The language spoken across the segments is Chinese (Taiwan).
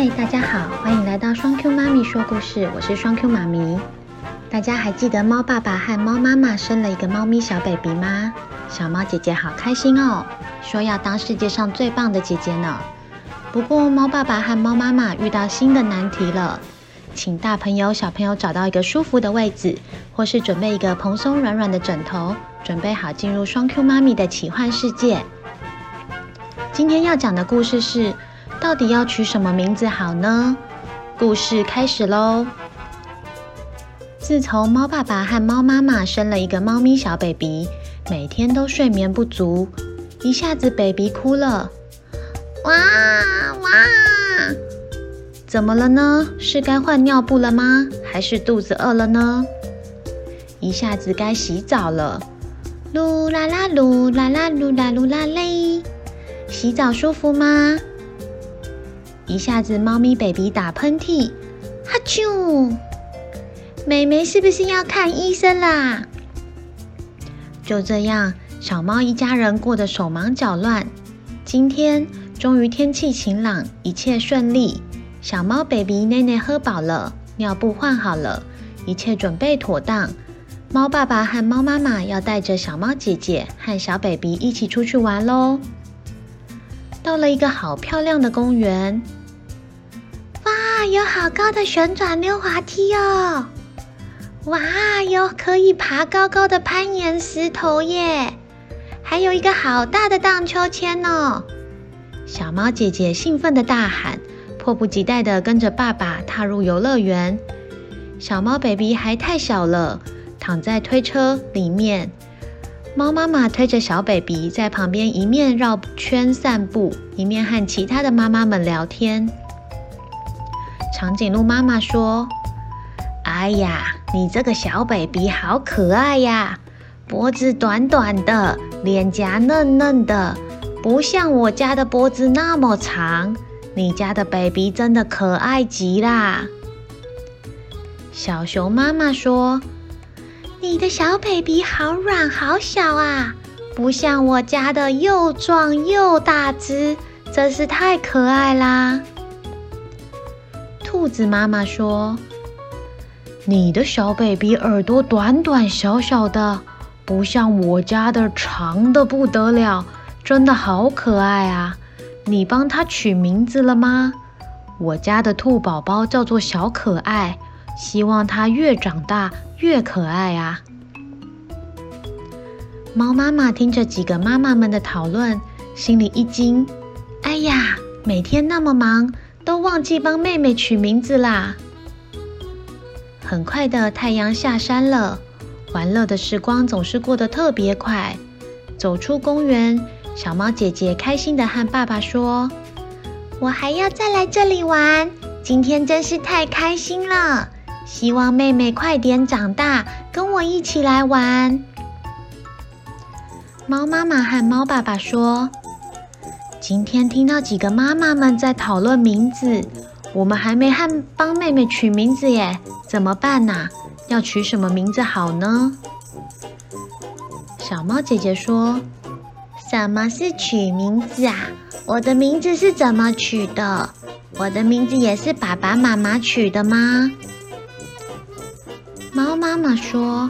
嗨，大家好，歡迎來到雙 Q 媽咪說故事，我是雙 Q 媽咪。大家還記得貓爸爸和貓媽媽生了一個貓咪小 baby 嗎？小貓姐姐好開心哦，說要當世界上最棒的姐姐呢。不過貓爸爸和貓媽媽遇到新的難題了，請大朋友小朋友找到一個舒服的位置，或是準備一個蓬鬆軟軟的枕頭，準備好進入雙 Q 媽咪的奇幻世界。今天要講的故事是。到底要取什麼名字好呢？故事開始嘍。自從貓爸爸和貓媽媽生了一個貓咪小 baby，每天都睡眠不足，一下子 baby 哭了，哇哇！怎麼了呢？是該換尿布了嗎？還是肚子餓了呢？一下子該洗澡了，嚕啦啦嚕啦啦嚕啦嚕啦嘞！洗澡舒服嗎？一下子，貓咪 baby 打噴嚏，哈啾！妹妹是不是要看醫生啦？就這樣，小貓一家人過得手忙腳亂。今天終於天氣晴朗，一切順利。小貓 baby 奶奶喝飽了，尿布換好了，一切準備妥當。貓爸爸和貓媽媽要帶着小貓姐姐和小 baby 一起出去玩嘍。到了一個好漂亮的公園。有好高的旋轉溜滑梯哦！哇，有可以爬高高的攀岩石頭耶！還有一個好大的盪秋千哦！小貓姐姐興奮地大喊，迫不及待地跟着爸爸踏入遊樂園。小貓 baby 還太小了，躺在推車裡面。貓媽媽推着小 baby 在旁邊一面繞圈散步，一面和其他的媽媽們聊天。長頸鹿媽媽說：“哎呀，你這個小 baby 好可愛呀，脖子短短的，臉頰嫩嫩的，不像我家的脖子那麼長。你家的 baby 真的可愛極啦。”小熊媽媽說：“你的小 baby 好軟好小啊，不像我家的又壯又大只，真是太可愛啦。”兔子媽媽說：“你的小北鼻耳朵短短小小的，不像我家的長得不得了，真的好可愛啊！你幫它取名字了嗎？我家的兔寶寶叫做小可愛，希望它越長大越可愛啊。”貓媽媽聽着幾個媽媽們的討論，心裡一驚：“哎呀，每天那麼忙。”都忘記幫妹妹取名字啦！很快的，太陽下山了。玩樂的時光總是過得特別快。走出公園，小貓姐姐開心地和爸爸說：“我還要再來這裡玩，今天真是太開心了！希望妹妹快點長大，跟我一起來玩。”貓媽媽和貓爸爸說：今天聽到幾個媽媽們在討論名字，我們還沒和幫妹妹取名字耶，怎麼辦呢？要取什麼名字好呢？小貓姐姐說：“什麼是取名字啊？我的名字是怎麼取的？我的名字也是爸爸媽媽取的嗎？”貓媽媽說。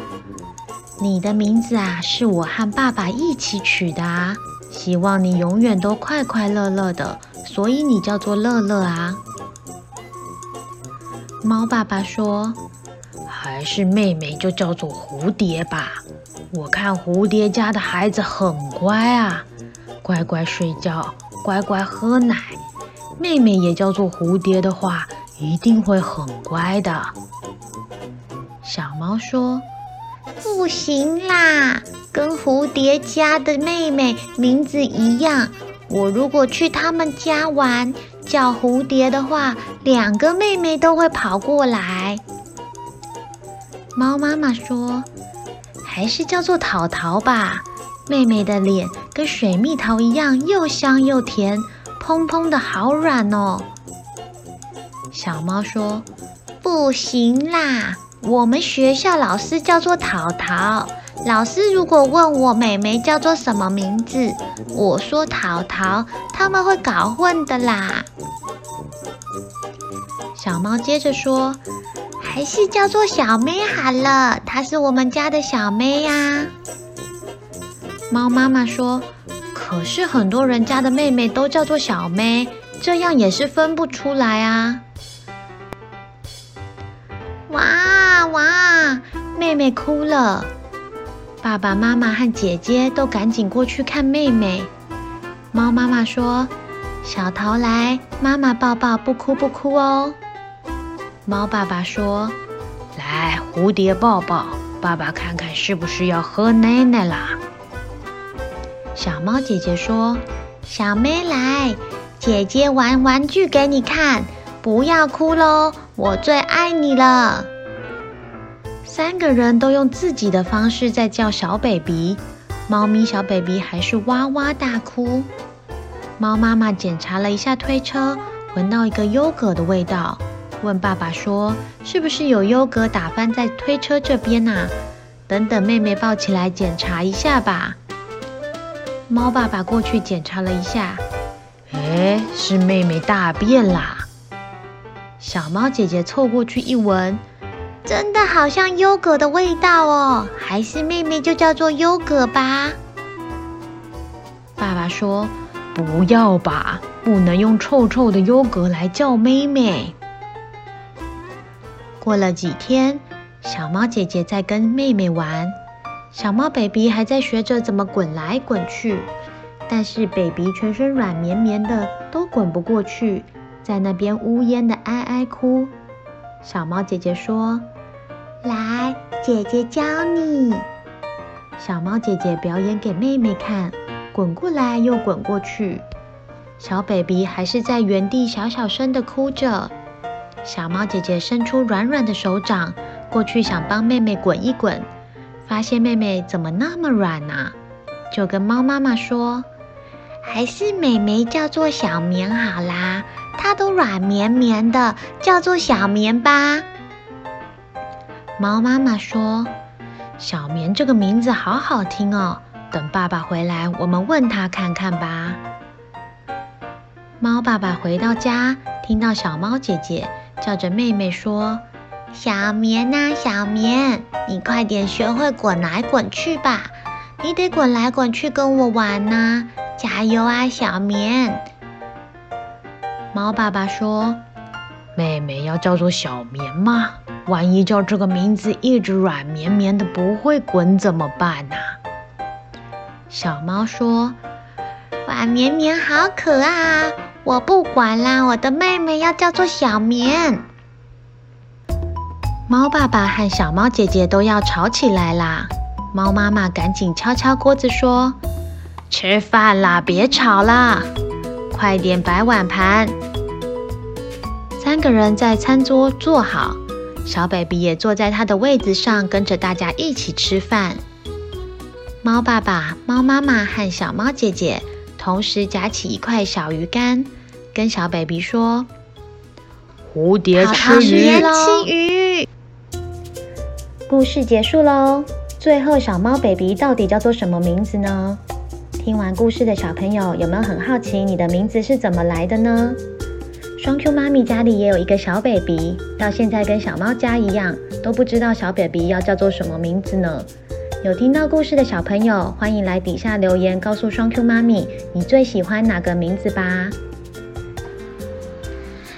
你的名字啊，是我和爸爸一起取的啊，希望你永遠都快快樂樂的，所以你叫做樂樂啊。貓爸爸說：“還是妹妹就叫做蝴蝶吧，我看蝴蝶家的孩子很乖啊，乖乖睡覺，乖乖喝奶，妹妹也叫做蝴蝶的話，一定會很乖的。”小貓說。不行啦，跟蝴蝶家的妹妹名字一樣。我如果去他們家玩，叫蝴蝶的話，兩個妹妹都會跑過來。貓媽媽說：“還是叫做桃桃吧。”妹妹的臉跟水蜜桃一樣，又香又甜，蓬蓬的好軟哦。小貓說：“不行啦。”我們學校老師叫做淘淘，老師如果問我妹妹叫做什麼名字，我說淘淘，他們會搞混的啦。小貓接着說，還是叫做小妹好了，她是我們家的小妹呀、啊。貓媽媽說，可是很多人家的妹妹都叫做小妹，這樣也是分不出來啊。妹妹哭了，爸爸媽媽和姐姐都趕緊過去看妹妹。貓媽媽說：“小桃來，媽媽抱抱，不哭不哭哦。”貓爸爸說：“來，蝴蝶抱抱，爸爸看看是不是要喝奶奶啦。”小貓姐姐說：“小妹來，姐姐玩玩具給你看，不要哭嘍，我最愛你了。”三個人都用自己的方式在叫小 baby，貓咪小 baby 還是哇哇大哭。貓媽媽檢查了一下推車，聞到一個優格的味道，問爸爸說：“是不是有優格打翻在推車這邊啊？”等等，妹妹抱起來檢查一下吧。貓爸爸過去檢查了一下，哎、欸，是妹妹大便啦。小貓姐姐湊過去一聞。真的好像優格的味道哦，還是妹妹就叫做優格吧。爸爸說：“不要吧，不能用臭臭的優格來叫妹妹。”過了幾天，小貓姐姐在跟妹妹玩，小貓 baby 還在學着怎麼滾來滾去，但是 baby 全身軟綿綿的，都滾不過去，在那邊嗚咽的哀哀哭。小貓姐姐說。來，姐姐教你。小貓姐姐表演給妹妹看，滾過來又滾過去。小北鼻還是在原地小小聲的哭着。小貓姐姐伸出軟軟的手掌過去想幫妹妹滾一滾，發現妹妹怎麼那麼軟呢、啊？就跟貓媽媽說，還是妹妹叫做小棉好啦，她都軟綿綿的，叫做小棉吧。貓媽媽說：“小棉這個名字好好聽哦，等爸爸回來，我們問他看看吧。”貓爸爸回到家，聽到小貓姐姐叫着妹妹說：“小棉啊，小棉，你快點學會滾來滾去吧，你得滾來滾去跟我玩吶、啊，加油啊，小棉！”貓爸爸說：“妹妹要叫做小棉嗎？”萬一叫這個名字一直軟綿綿的不會滾怎麼辦呢、啊？小貓說：“軟綿綿好可愛，啊，我不管啦，我的妹妹要叫做小綿。”貓爸爸和小貓姐姐都要吵起來啦。貓媽媽趕緊敲敲鍋子說：“吃飯啦，別吵啦，快點擺碗盤。”三個人在餐桌坐好。小 baby 也坐在他的位子上，跟着大家一起吃飯。貓爸爸、貓媽媽和小貓姐姐同時夾起一塊小魚乾，跟小 baby 說：“蝴蝶吃魚嘍魚！”故事結束嘍。最後，小貓 baby 到底叫做什麼名字呢？聽完故事的小朋友有沒有很好奇你的名字是怎麼來的呢？雙 Q 媽咪家裡也有一個小 baby，到現在跟小貓家一樣，都不知道小 baby 要叫做什麼名字呢？有聽到故事的小朋友，歡迎來底下留言，告訴雙 Q 媽咪你最喜歡哪個名字吧。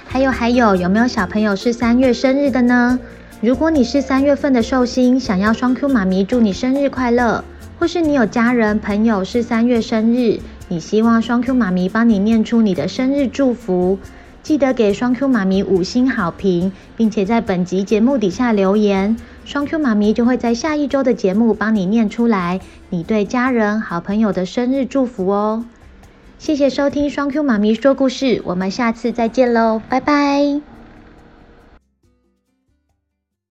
還有還有，有沒有小朋友是三月生日的呢？如果你是三月份的壽星，想要雙 Q 媽咪祝你生日快樂，或是你有家人朋友是三月生日，你希望雙 Q 媽咪幫你唸出你的生日祝福。記得給雙 Q 媽咪五星好評，並且在本集節目底下留言，雙 Q 媽咪就會在下一周的節目幫你念出來，你對家人、好朋友的生日祝福哦。謝謝收聽雙 Q 媽咪說故事，我們下次再見嘍，拜拜。